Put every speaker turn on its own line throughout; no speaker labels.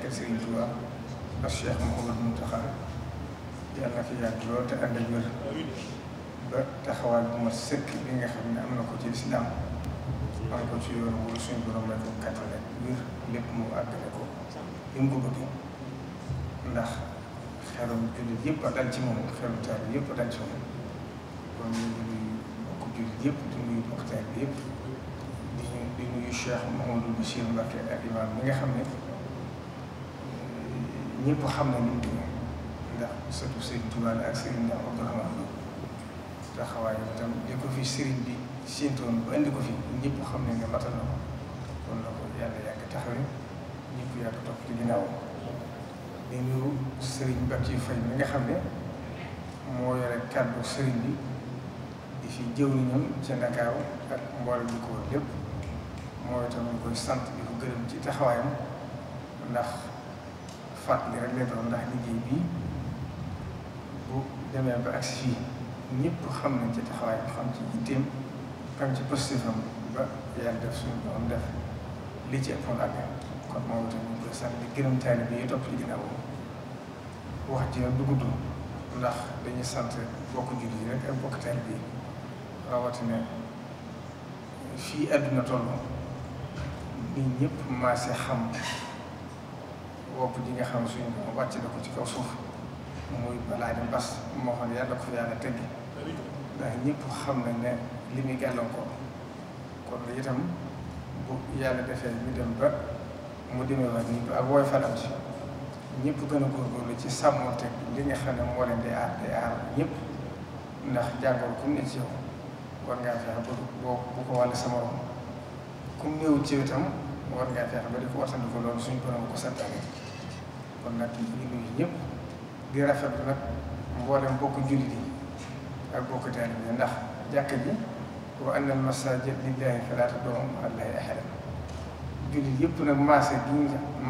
nekkal Serigne Touba ak Cheikh Mouhamadou Mountakha yàlla na fi yàgg lool te ànd ak wér ba taxawaay bu ma sëkk bi nga xam ne am na ko ci lislaam am ko ci yoon wala suñu borom la ko kattan ak wér lépp mu àggale ko li mu ko bëggee ndax xelum jullit yëpp a dal ci moom xelum taal yëpp a dal ci moom kon ñu ngi nuyu bokk jullit yëpp di nuyu bokk taal bi yëpp di nuyu Cheikh Mouhamadou Bachir Mbacké ak imaam mi nga xam ne. ñëpp xam nañ ni mu demee ndax surtout Serigne Touba la ak Serigne Ndaw taxawaay bi tam li ko fi sëriñ bi séentoon ba indi ko fi ñëpp xam nañ ne matal na ko kon na ko yàlla yàgg taxawee ñëpp yàgg ci ginnaawam. di nga xam ne moo yore kàddu bi di fi jëw ñoom ca Ndakaaru ak mboolem bi lépp mooy tam ñu koy sant di ko gërëm ci taxawaayam ndax. fàttali rek lay doon ndax liggéey bii bu demee ba agsi fii ñëpp xam nañ ci taxawaay bi xam ci yitteem xam ci positifam ba yàlla def suñu doom def li ci ëppoon ak kon moom itam ñu koy sant di gërëm ci ginnaaw wax ji nag du ndax dañuy sant bokk julli yi rek ak bokk taalibe yi fii àdduna toll nii ñëpp maase xam wopp ji nga xam suñu ko wàcc na ko ci kaw suuf muy balaa di mbas moo xam ne yàlla ko yàlla teggi ndax ñëpp xam nañ ne li muy gàllankoor kon itam bu yàlla defee ñu dem ba mu demee wax nii ak wooy fanam ci ñëpp gën a góorgóorlu ci sàmmonte li nga xam ne moo leen di aar di aar ñëpp ndax jàngoor ku ne ci war ngaa fexe ba bu ko wàll sama morom ku néew ci itam war ngaa fexe ba di ko watandiku loolu suñu borom ko santaane kon nag ñu ngi nuyu ñëpp di rafetlu nag mboolem bokk jullit yi ak bokk taalibe yi ndax jàkka ji wa anna al masajid lillahi falaa tad'u ma'a llahi ahadan jullit yëpp nag maase gi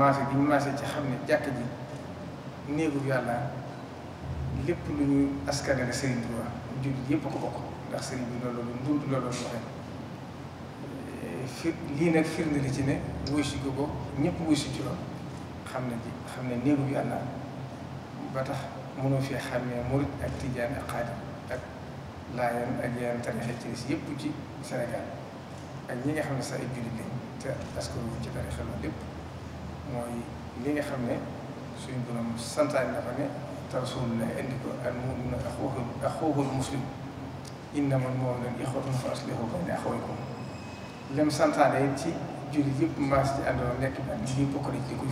maase gi maase ci xam ne jàkka ji néegu yàlla lépp lu ñu askanale Serigne Touba jullit yëpp ko bokk ndax Serigne bi loolu lu ndund loolu lu waxee fir lii nag firnde li ci ne wuy ko ko ñëpp wuy ci loolu xam ne ji xam ne néegu bi ànd ba tax mënoo fee xàmmee murit ak tijaan ak xaadim ak laayeen ak yeneen tarixe ci si yëpp ci Sénégal ak ñi nga xam ne sax ay jullit lañ te askan wi ci tarixe loolu lépp mooy li nga xam ne suñ borom santaane na fa ne te rasulullah indi ko al mu'minu axuuhu axuuhul muslim innamal mu'minuuna ixwatun fa aslihu bayna axawaykum lem santaane ci jullit yëpp maas ci àndoon nekk benn lii bokk na ci li koy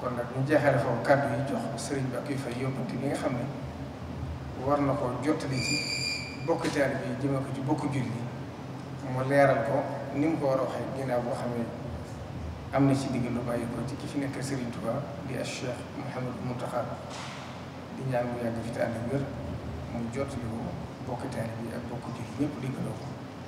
kon nag ñu jeexale foofu kàddu yi jox sëriñ ba kuy fay yóbbante bi nga xam ne war na ko jottali ci bokk taalibe bi jëme ko ci bokk jullit yi leeral ko ni mu ko war a waxee ginnaaw boo xam ne am na ci digg lu bàyyi ko ci ki fi nekk sëriñ Touba di ak Cheikh Mouhamadou di ñaan mu yàgg fi te ànd ak wér mu jottali bokk taalibe bi ak bokk jullit ñëpp diggaloo ko